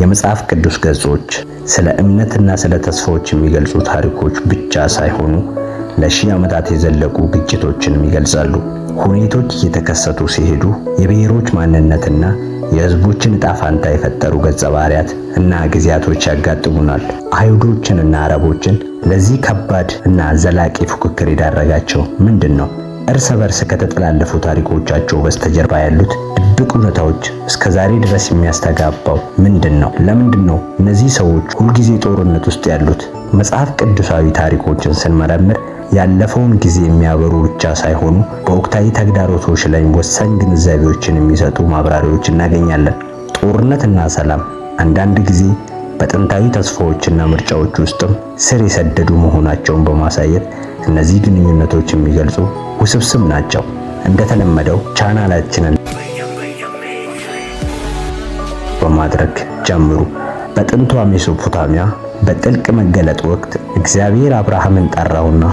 የመጽሐፍ ቅዱስ ገጾች ስለ እምነትና ስለ ተስፋዎች የሚገልጹ ታሪኮች ብቻ ሳይሆኑ ለሺህ ዓመታት የዘለቁ ግጭቶችንም ይገልጻሉ። ሁኔቶች እየተከሰቱ ሲሄዱ የብሔሮች ማንነትና የሕዝቦችን ዕጣ የፈጠሩ ገጸ ባህሪያት እና ጊዜያቶች ያጋጥሙናል። አይሁዶችንና አረቦችን ለዚህ ከባድ እና ዘላቂ ፉክክር የዳረጋቸው ምንድን ነው? እርስ በርስ ከተጠላለፉ ታሪኮቻቸው በስተጀርባ ያሉት ድብቅ እውነታዎች እስከ ዛሬ ድረስ የሚያስተጋባው ምንድን ነው? ለምንድን ነው እነዚህ ሰዎች ሁልጊዜ ጦርነት ውስጥ ያሉት? መጽሐፍ ቅዱሳዊ ታሪኮችን ስንመረምር ያለፈውን ጊዜ የሚያበሩ ብቻ ሳይሆኑ በወቅታዊ ተግዳሮቶች ላይ ወሳኝ ግንዛቤዎችን የሚሰጡ ማብራሪያዎች እናገኛለን። ጦርነትና ሰላም አንዳንድ ጊዜ በጥንታዊ ተስፋዎችና ምርጫዎች ውስጥም ስር የሰደዱ መሆናቸውን በማሳየት እነዚህ ግንኙነቶች የሚገልጹ ውስብስብ ናቸው። እንደተለመደው ቻናላችንን ማድረግ ጀምሩ። በጥንቷ ሜሶፖታሚያ በጥልቅ መገለጥ ወቅት እግዚአብሔር አብርሃምን ጠራውና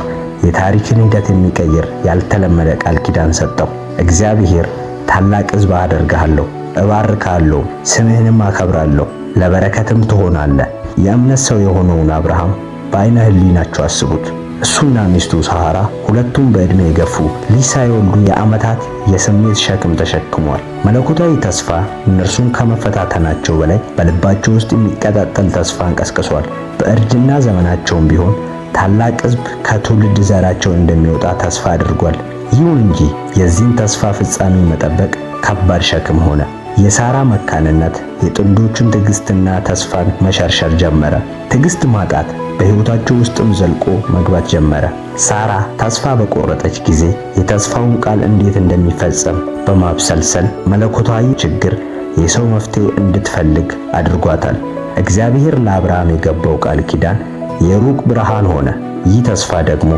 የታሪክን ሂደት የሚቀይር ያልተለመደ ቃል ኪዳን ሰጠው። እግዚአብሔር ታላቅ ሕዝብ አደርግሃለሁ፣ እባርካለሁ፣ ስምህንም አከብራለሁ፣ ለበረከትም ትሆናለህ። የእምነት ሰው የሆነውን አብርሃም በዓይነ ሕሊናችሁ አስቡት። እሱና ሚስቱ ሰሃራ ሁለቱም በእድሜ የገፉ ልጅ ሳይወልዱ የዓመታት የስሜት ሸክም ተሸክሟል። መለኮታዊ ተስፋ እነርሱን ከመፈታተናቸው በላይ በልባቸው ውስጥ የሚቀጣጠል ተስፋ እንቀስቅሷል። በእርጅና ዘመናቸውም ቢሆን ታላቅ ሕዝብ ከትውልድ ዘራቸው እንደሚወጣ ተስፋ አድርጓል። ይሁን እንጂ የዚህን ተስፋ ፍጻሜ መጠበቅ ከባድ ሸክም ሆነ። የሳራ መካንነት የጥንዶቹን ትዕግስትና ተስፋን መሸርሸር ጀመረ። ትዕግስት ማጣት በሕይወታቸው ውስጥም ዘልቆ መግባት ጀመረ። ሳራ ተስፋ በቆረጠች ጊዜ የተስፋውን ቃል እንዴት እንደሚፈጸም በማብሰልሰል መለኮታዊ ችግር የሰው መፍትሄ እንድትፈልግ አድርጓታል። እግዚአብሔር ለአብርሃም የገባው ቃል ኪዳን የሩቅ ብርሃን ሆነ። ይህ ተስፋ ደግሞ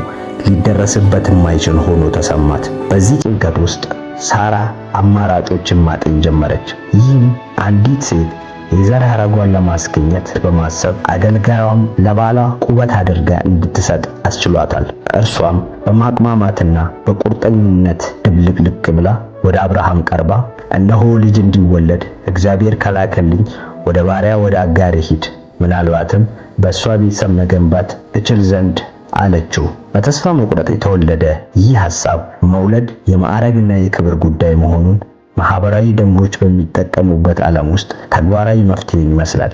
ሊደረስበት የማይችል ሆኖ ተሰማት። በዚህ ጭንቀት ውስጥ ሳራ አማራጮችን ማጤን ጀመረች። ይህም አንዲት ሴት የዘር ሐረጓን ለማስገኘት በማሰብ አገልጋዩም ለባሏ ቁበት አድርጋ እንድትሰጥ አስችሏታል። እርሷም በማቅማማትና በቁርጠኝነት ድብልቅልቅ ብላ ወደ አብርሃም ቀርባ እነሆ ልጅ እንዲወለድ እግዚአብሔር ከላከልኝ ወደ ባሪያ ወደ አጋር ሂድ፣ ምናልባትም በእሷ ቤተሰብ መገንባት እችል ዘንድ አለችው። በተስፋ መቁረጥ የተወለደ ይህ ሐሳብ መውለድ የማዕረግና የክብር ጉዳይ መሆኑን ማህበራዊ ደንቦች በሚጠቀሙበት ዓለም ውስጥ ተግባራዊ መፍትሄ ይመስላል።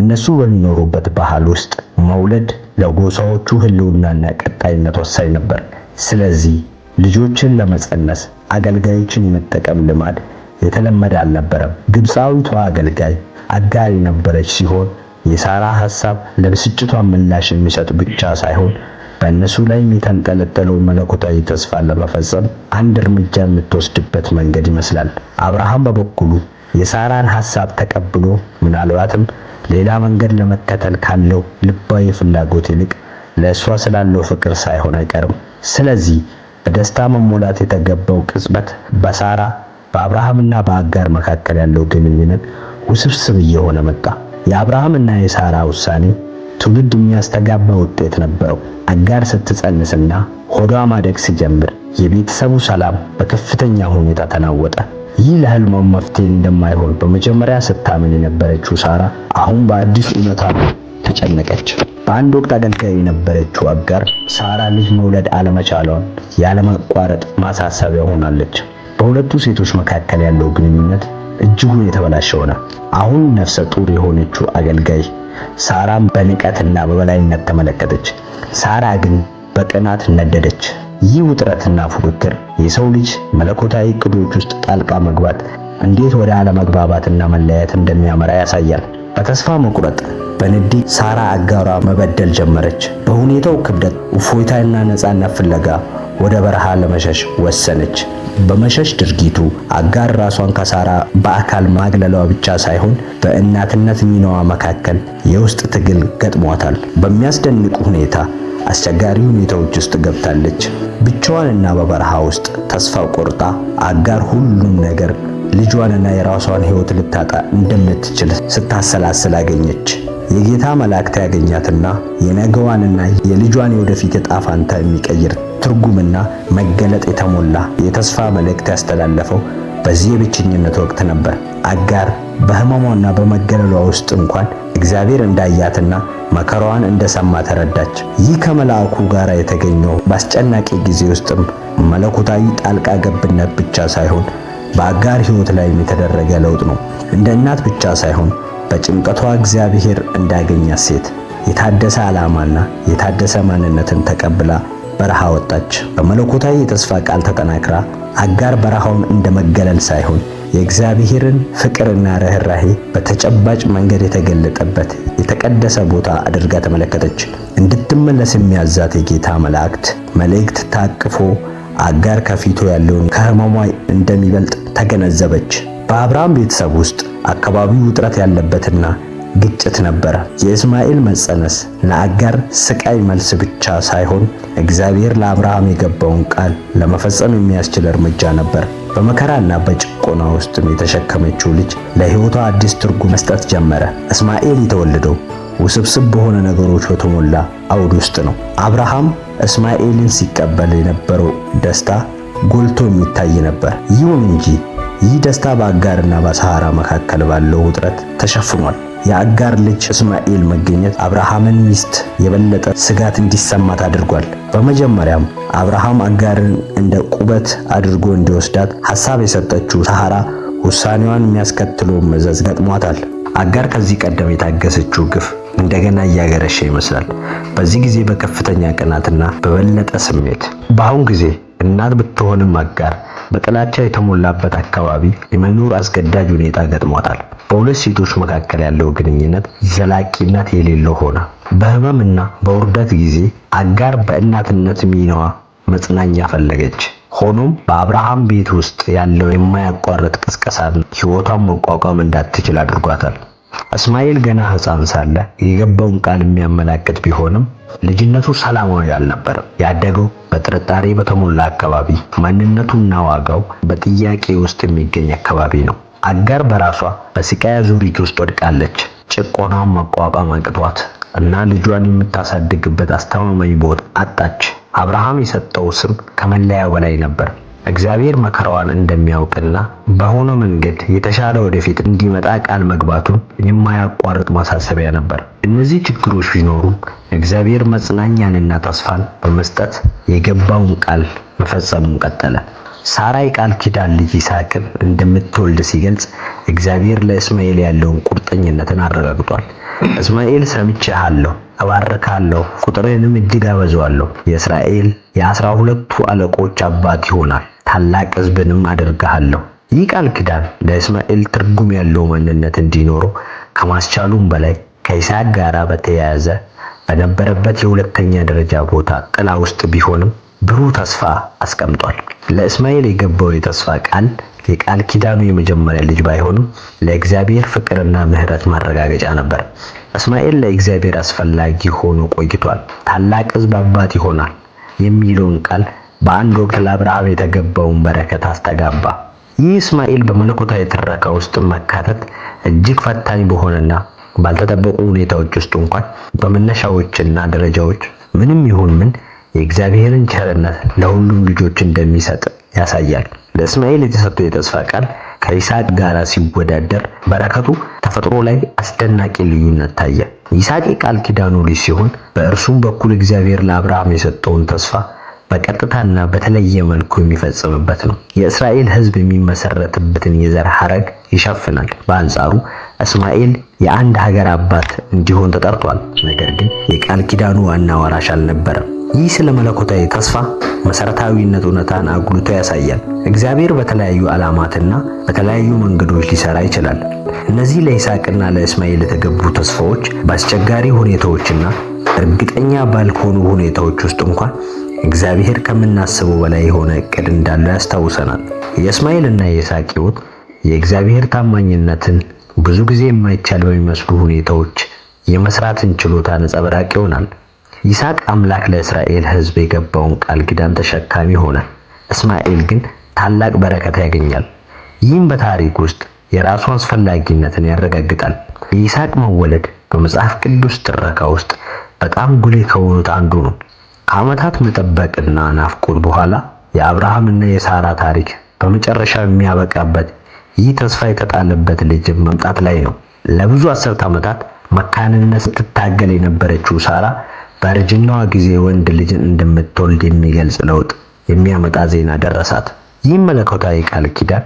እነሱ በሚኖሩበት ባህል ውስጥ መውለድ ለጎሳዎቹ ህልውናና ቀጣይነት ወሳኝ ነበር። ስለዚህ ልጆችን ለመጸነስ አገልጋዮችን የመጠቀም ልማድ የተለመደ አልነበረም። ግብፃዊቷ አገልጋይ አጋር የነበረች ሲሆን የሳራ ሐሳብ ለብስጭቷ ምላሽ የሚሰጥ ብቻ ሳይሆን በእነሱ ላይ የተንጠለጠለውን መለኮታዊ ተስፋ ለመፈጸም አንድ እርምጃ የምትወስድበት መንገድ ይመስላል። አብርሃም በበኩሉ የሳራን ሐሳብ ተቀብሎ ምናልባትም ሌላ መንገድ ለመከተል ካለው ልባዊ ፍላጎት ይልቅ ለእሷ ስላለው ፍቅር ሳይሆን አይቀርም። ስለዚህ በደስታ መሞላት የተገባው ቅጽበት በሳራ በአብርሃምና በአጋር መካከል ያለው ግንኙነት ውስብስብ እየሆነ መጣ። የአብርሃምና የሳራ ውሳኔ ትውልድ የሚያስተጋባ ውጤት ነበረው። አጋር ስትጸንስና ሆዷ ማደግ ሲጀምር የቤተሰቡ ሰላም በከፍተኛ ሁኔታ ተናወጠ። ይህ ለህልሟም መፍትሄ እንደማይሆን በመጀመሪያ ስታምን የነበረችው ሳራ አሁን በአዲስ እውነታ ተጨነቀች። በአንድ ወቅት አገልጋይ የነበረችው አጋር ሳራ ልጅ መውለድ አለመቻሏን ያለመቋረጥ ማሳሰቢያ ሆናለች። በሁለቱ ሴቶች መካከል ያለው ግንኙነት እጅጉን የተበላሸ ሆነ። አሁን ነፍሰ ጡር የሆነችው አገልጋይ ሳራም በንቀትና በበላይነት ተመለከተች። ሳራ ግን በቅናት ነደደች። ይህ ውጥረትና ፉክክር የሰው ልጅ መለኮታዊ እቅዶች ውስጥ ጣልቃ መግባት እንዴት ወደ አለመግባባትና መለያየት እንደሚያመራ ያሳያል። በተስፋ መቁረጥ በንዴት ሳራ አጋሯ መበደል ጀመረች። በሁኔታው ክብደት እፎይታና ነፃነት ፍለጋ ወደ በረሃ ለመሸሽ ወሰነች። በመሸሽ ድርጊቱ አጋር ራሷን ከሳራ በአካል ማግለሏ ብቻ ሳይሆን በእናትነት ሚናዋ መካከል የውስጥ ትግል ገጥሟታል። በሚያስደንቅ ሁኔታ አስቸጋሪ ሁኔታዎች ውስጥ ገብታለች። ብቻዋንና በበረሃ ውስጥ ተስፋ ቆርጣ አጋር ሁሉም ነገር ልጇንና የራሷን ሕይወት ልታጣ እንደምትችል ስታሰላስል አገኘች። የጌታ መላእክት ያገኛትና የነገዋንና የልጇን የወደፊት ዕጣ ፋንታ የሚቀይር ትርጉምና መገለጥ የተሞላ የተስፋ መልእክት ያስተላለፈው በዚህ የብቸኝነት ወቅት ነበር። አጋር በሕመሟና በመገለሏ ውስጥ እንኳን እግዚአብሔር እንዳያትና መከራዋን እንደሰማ ተረዳች። ይህ ከመልአኩ ጋር የተገኘው በአስጨናቂ ጊዜ ውስጥም መለኮታዊ ጣልቃ ገብነት ብቻ ሳይሆን በአጋር ሕይወት ላይም የተደረገ ለውጥ ነው። እንደ እናት ብቻ ሳይሆን በጭንቀቷ እግዚአብሔር እንዳገኛት ሴት የታደሰ ዓላማና የታደሰ ማንነትን ተቀብላ በረሃ ወጣች። በመለኮታዊ የተስፋ ቃል ተጠናክራ አጋር በረሃውን እንደ መገለል ሳይሆን የእግዚአብሔርን ፍቅርና ርኅራሄ በተጨባጭ መንገድ የተገለጠበት የተቀደሰ ቦታ አድርጋ ተመለከተች። እንድትመለስ የሚያዛት የጌታ መላእክት መልእክት ታቅፎ አጋር ከፊቱ ያለውን ከህመሟ እንደሚበልጥ ተገነዘበች። በአብርሃም ቤተሰብ ውስጥ አካባቢው ውጥረት ያለበትና ግጭት ነበረ። የእስማኤል መጸነስ ለአጋር ስቃይ መልስ ብቻ ሳይሆን እግዚአብሔር ለአብርሃም የገባውን ቃል ለመፈጸም የሚያስችል እርምጃ ነበር። በመከራና በጭቆና ውስጥም የተሸከመችው ልጅ ለሕይወቷ አዲስ ትርጉም መስጠት ጀመረ። እስማኤል የተወለደው ውስብስብ በሆነ ነገሮች በተሞላ አውድ ውስጥ ነው። አብርሃም እስማኤልን ሲቀበል የነበረው ደስታ ጎልቶ የሚታይ ነበር። ይሁን እንጂ ይህ ደስታ በአጋርና በሳራ መካከል ባለው ውጥረት ተሸፍኗል። የአጋር ልጅ እስማኤል መገኘት አብርሃምን ሚስት የበለጠ ስጋት እንዲሰማት አድርጓል። በመጀመሪያም አብርሃም አጋርን እንደ ቁበት አድርጎ እንዲወስዳት ሐሳብ የሰጠችው ሳራ ውሳኔዋን የሚያስከትለው መዘዝ ገጥሟታል። አጋር ከዚህ ቀደም የታገሰችው ግፍ እንደገና እያገረሸ ይመስላል። በዚህ ጊዜ በከፍተኛ ቅናትና በበለጠ ስሜት በአሁን ጊዜ እናት ብትሆንም አጋር በጥላቻ የተሞላበት አካባቢ የመኖር አስገዳጅ ሁኔታ ገጥሟታል። በሁለት ሴቶች መካከል ያለው ግንኙነት ዘላቂነት የሌለው ሆነ። በህመምና በውርደት ጊዜ አጋር በእናትነት ሚናዋ መጽናኛ ፈለገች። ሆኖም በአብርሃም ቤት ውስጥ ያለው የማያቋርጥ ቅስቀሳን ሕይወቷን መቋቋም እንዳትችል አድርጓታል። እስማኤል ገና ሕፃን ሳለ የገባውን ቃል የሚያመላክት ቢሆንም ልጅነቱ ሰላማዊ አልነበረም። ያደገው በጥርጣሬ በተሞላ አካባቢ፣ ማንነቱና ዋጋው በጥያቄ ውስጥ የሚገኝ አካባቢ ነው። አጋር በራሷ በስቃይ አዙሪት ውስጥ ወድቃለች። ጭቆናውን መቋቋም አቅቷት እና ልጇን የምታሳድግበት አስተማማኝ ቦታ አጣች። አብርሃም የሰጠው ስም ከመለያው በላይ ነበር። እግዚአብሔር መከራዋን እንደሚያውቅና በሆነ መንገድ የተሻለ ወደፊት እንዲመጣ ቃል መግባቱን የማያቋርጥ ማሳሰቢያ ነበር። እነዚህ ችግሮች ቢኖሩም እግዚአብሔር መጽናኛንና ተስፋን በመስጠት የገባውን ቃል መፈጸሙን ቀጠለ። ሳራይ ቃል ኪዳን ልጅ ይስሐቅን እንደምትወልድ ሲገልጽ እግዚአብሔር ለእስማኤል ያለውን ቁርጠኝነትን አረጋግጧል። እስማኤል ሰምቼሃለሁ፣ እባርካለሁ፣ ቁጥርንም እጅግ አበዛዋለሁ። የእስራኤል የአስራ ሁለቱ አለቆች አባት ይሆናል፣ ታላቅ ሕዝብንም አደርግሃለሁ። ይህ ቃል ኪዳን ለእስማኤል ትርጉም ያለው ማንነት እንዲኖረው ከማስቻሉም በላይ ከይስሐቅ ጋር በተያያዘ በነበረበት የሁለተኛ ደረጃ ቦታ ጥላ ውስጥ ቢሆንም ብሩህ ተስፋ አስቀምጧል። ለእስማኤል የገባው የተስፋ ቃል የቃል ኪዳኑ የመጀመሪያ ልጅ ባይሆንም ለእግዚአብሔር ፍቅርና ምሕረት ማረጋገጫ ነበር። እስማኤል ለእግዚአብሔር አስፈላጊ ሆኖ ቆይቷል። ታላቅ ሕዝብ አባት ይሆናል የሚለውን ቃል በአንድ ወቅት ለአብርሃም የተገባውን በረከት አስተጋባ። ይህ እስማኤል በመለኮታዊ ትረካ ውስጥ መካተት እጅግ ፈታኝ በሆነና ባልተጠበቁ ሁኔታዎች ውስጥ እንኳን በመነሻዎችና ደረጃዎች ምንም ይሁን ምን የእግዚአብሔርን ቸርነት ለሁሉም ልጆች እንደሚሰጥ ያሳያል። ለእስማኤል የተሰጠው የተስፋ ቃል ከይስሐቅ ጋር ሲወዳደር በረከቱ ተፈጥሮ ላይ አስደናቂ ልዩነት ታየ። ይስሐቅ የቃል ኪዳኑ ልጅ ሲሆን በእርሱም በኩል እግዚአብሔር ለአብርሃም የሰጠውን ተስፋ በቀጥታና በተለየ መልኩ የሚፈጽምበት ነው። የእስራኤል ሕዝብ የሚመሰረትበትን የዘር ሐረግ ይሸፍናል። በአንጻሩ እስማኤል የአንድ ሀገር አባት እንዲሆን ተጠርቷል፣ ነገር ግን የቃል ኪዳኑ ዋና ወራሽ አልነበረም። ይህ ስለ መለኮታዊ ተስፋ መሰረታዊነት እውነታን አጉልቶ ያሳያል። እግዚአብሔር በተለያዩ ዓላማትና በተለያዩ መንገዶች ሊሰራ ይችላል። እነዚህ ለይስሐቅና ለእስማኤል የተገቡ ተስፋዎች በአስቸጋሪ ሁኔታዎችና እርግጠኛ ባልሆኑ ሁኔታዎች ውስጥ እንኳን እግዚአብሔር ከምናስበው በላይ የሆነ እቅድ እንዳለው ያስታውሰናል። የእስማኤልና የይስሐቅ ሕይወት የእግዚአብሔር ታማኝነትን ብዙ ጊዜ የማይቻል በሚመስሉ ሁኔታዎች የመስራትን ችሎታ ነጸብራቅ ይሆናል። ይስሐቅ አምላክ ለእስራኤል ሕዝብ የገባውን ቃል ኪዳን ተሸካሚ ሆነ። እስማኤል ግን ታላቅ በረከት ያገኛል። ይህም በታሪክ ውስጥ የራሱ አስፈላጊነትን ያረጋግጣል። የይስሐቅ መወለድ በመጽሐፍ ቅዱስ ትረካ ውስጥ በጣም ጉልህ ከሆኑት አንዱ ነው። ከዓመታት መጠበቅና ናፍቆት በኋላ የአብርሃምና የሳራ ታሪክ በመጨረሻ የሚያበቃበት ይህ ተስፋ የተጣለበት ልጅም መምጣት ላይ ነው። ለብዙ አስርት ዓመታት መካንነት ስትታገል የነበረችው ሳራ በእርጅናዋ ጊዜ ወንድ ልጅን እንደምትወልድ የሚገልጽ ለውጥ የሚያመጣ ዜና ደረሳት። ይህም መለኮታዊ ቃል ኪዳን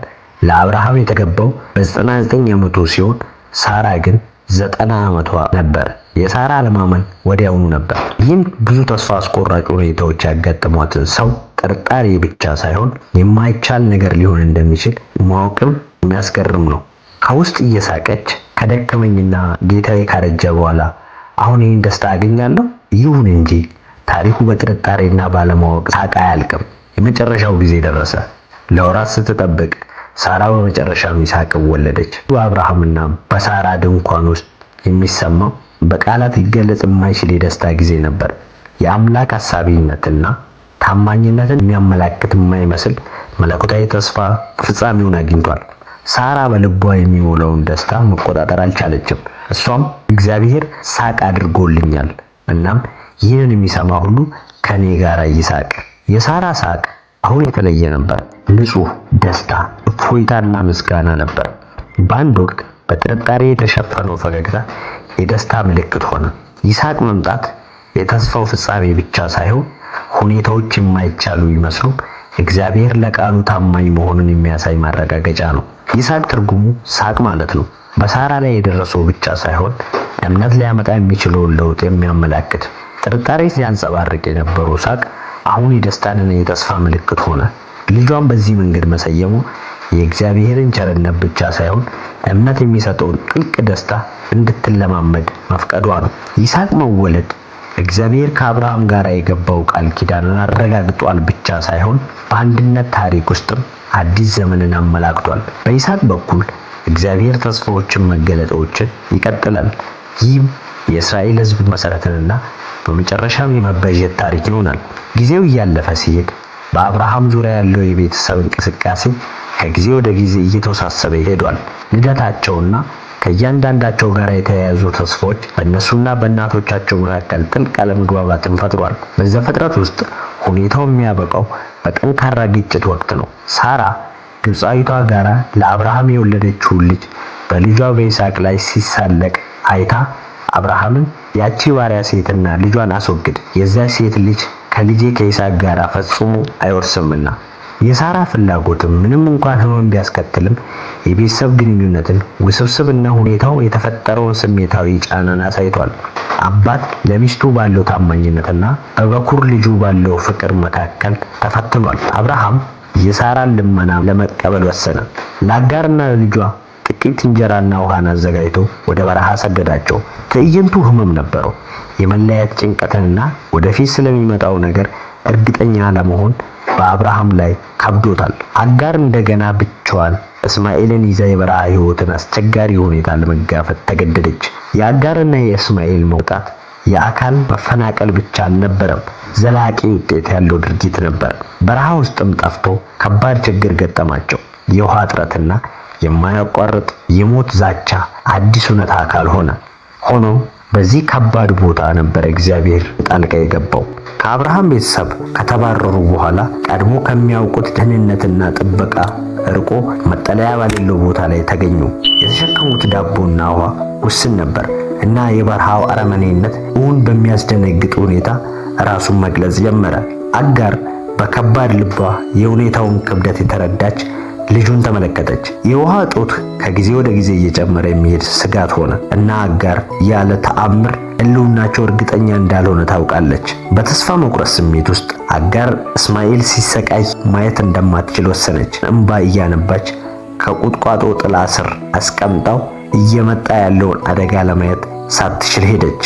ለአብርሃም የተገባው በ99 ዓመቱ ሲሆን ሳራ ግን ዘጠና ዓመቷ ነበር። የሳራ አለማመን ወዲያውኑ ነበር። ይህም ብዙ ተስፋ አስቆራጭ ሁኔታዎች ያጋጠሟትን ሰው ጥርጣሬ ብቻ ሳይሆን የማይቻል ነገር ሊሆን እንደሚችል ማወቅም የሚያስገርም ነው። ከውስጥ እየሳቀች ከደከመኝና ጌታዬ ካረጀ በኋላ አሁን ይህን ደስታ አገኛለሁ ይሁን እንጂ ታሪኩ በጥርጣሬና ባለማወቅ ሳቅ አያልቅም። የመጨረሻው ጊዜ ደረሰ። ለወራት ስትጠብቅ ሳራ በመጨረሻም ይስሐቅን ወለደች። በአብርሃምና በሳራ ድንኳን ውስጥ የሚሰማው በቃላት ሊገለጽ የማይችል የደስታ ጊዜ ነበር። የአምላክ አሳቢነትና ታማኝነትን የሚያመላክት የማይመስል መለኮታዊ ተስፋ ፍጻሜውን አግኝቷል። ሳራ በልቧ የሚሞላውን ደስታ መቆጣጠር አልቻለችም። እሷም እግዚአብሔር ሳቅ አድርጎልኛል እናም ይህንን የሚሰማ ሁሉ ከኔ ጋር ይሳቅ። የሳራ ሳቅ አሁን የተለየ ነበር። ንጹህ ደስታ፣ እፎይታና ምስጋና ነበር። በአንድ ወቅት በጥርጣሬ የተሸፈነው ፈገግታ የደስታ ምልክት ሆነ። ይሳቅ መምጣት የተስፋው ፍጻሜ ብቻ ሳይሆን ሁኔታዎች የማይቻሉ ይመስሉ እግዚአብሔር ለቃሉ ታማኝ መሆኑን የሚያሳይ ማረጋገጫ ነው። ይሳቅ ትርጉሙ ሳቅ ማለት ነው። በሳራ ላይ የደረሰው ብቻ ሳይሆን እምነት ሊያመጣ የሚችለውን ለውጥ የሚያመላክት ጥርጣሬ ሲያንጸባርቅ የነበረው ሳቅ አሁን የደስታንና የተስፋ ምልክት ሆነ። ልጇን በዚህ መንገድ መሰየሙ የእግዚአብሔርን ቸርነት ብቻ ሳይሆን እምነት የሚሰጠውን ጥልቅ ደስታ እንድትለማመድ መፍቀዷ ነው። ይስሐቅ መወለድ እግዚአብሔር ከአብርሃም ጋር የገባው ቃል ኪዳንን አረጋግጧል ብቻ ሳይሆን በአንድነት ታሪክ ውስጥም አዲስ ዘመንን አመላክቷል። በይስሐቅ በኩል እግዚአብሔር ተስፋዎችን፣ መገለጦችን ይቀጥላል። ይህም የእስራኤል ሕዝብ መሰረትንና በመጨረሻም የመበጀት ታሪክ ይሆናል። ጊዜው እያለፈ ሲሄድ በአብርሃም ዙሪያ ያለው የቤተሰብ እንቅስቃሴ ከጊዜ ወደ ጊዜ እየተወሳሰበ ይሄዷል። ልደታቸውና ከእያንዳንዳቸው ጋር የተያያዙ ተስፎች በእነሱና በእናቶቻቸው መካከል ጥልቅ አለመግባባትን ፈጥሯል። በዘፍጥረት ውስጥ ሁኔታው የሚያበቃው በጠንካራ ግጭት ወቅት ነው። ሳራ ግብፃዊቷ ጋራ ለአብርሃም የወለደችውን ልጅ በልጇ በይስሐቅ ላይ ሲሳለቅ አይታ አብርሃምን ያቺ ባሪያ ሴትና ልጇን አስወግድ፣ የዚያች ሴት ልጅ ከልጄ ከይስሐቅ ጋር ፈጽሞ አይወርስምና። የሳራ ፍላጎትም ምንም እንኳን ሕመም ቢያስከትልም የቤተሰብ ግንኙነትን ውስብስብና ሁኔታው የተፈጠረውን ስሜታዊ ጫናን አሳይቷል። አባት ለሚስቱ ባለው ታማኝነትና በበኩር ልጁ ባለው ፍቅር መካከል ተፈትኗል። አብርሃም የሳራን ልመና ለመቀበል ወሰነ። ለአጋርና ለልጇ ጥቂት እንጀራና ውሃን አዘጋጅቶ ወደ በረሃ ሰደዳቸው። ትዕይንቱ ህመም ነበረው። የመለያየት ጭንቀትንና ወደፊት ስለሚመጣው ነገር እርግጠኛ ለመሆን በአብርሃም ላይ ከብዶታል። አጋር እንደገና ብቻዋን እስማኤልን ይዛ የበረሃ ህይወትን አስቸጋሪ ሁኔታ ለመጋፈጥ ተገደደች። የአጋርና የእስማኤል መውጣት የአካል መፈናቀል ብቻ አልነበረም፣ ዘላቂ ውጤት ያለው ድርጊት ነበር። በረሃ ውስጥም ጠፍቶ ከባድ ችግር ገጠማቸው። የውሃ እጥረትና የማያቋርጥ የሞት ዛቻ አዲስ እውነት አካል ሆነ። ሆኖ በዚህ ከባድ ቦታ ነበር እግዚአብሔር ጣልቃ የገባው። ከአብርሃም ቤተሰብ ከተባረሩ በኋላ ቀድሞ ከሚያውቁት ደህንነትና ጥበቃ እርቆ መጠለያ ባሌለው ቦታ ላይ ተገኙ። የተሸከሙት ዳቦና ውሃ ውስን ነበር እና የበረሃው አረመኔነት እውን በሚያስደነግጥ ሁኔታ ራሱን መግለጽ ጀመረ። አጋር በከባድ ልቧ የሁኔታውን ክብደት የተረዳች ልጁን ተመለከተች። የውሃ እጦት ከጊዜ ወደ ጊዜ እየጨመረ የሚሄድ ስጋት ሆነ እና አጋር ያለ ተአምር ህልውናቸው እርግጠኛ እንዳልሆነ ታውቃለች። በተስፋ መቁረጥ ስሜት ውስጥ አጋር እስማኤል ሲሰቃይ ማየት እንደማትችል ወሰነች። እንባ እያነባች ከቁጥቋጦ ጥላ ስር አስቀምጣው እየመጣ ያለውን አደጋ ለማየት ሳትችል ሄደች።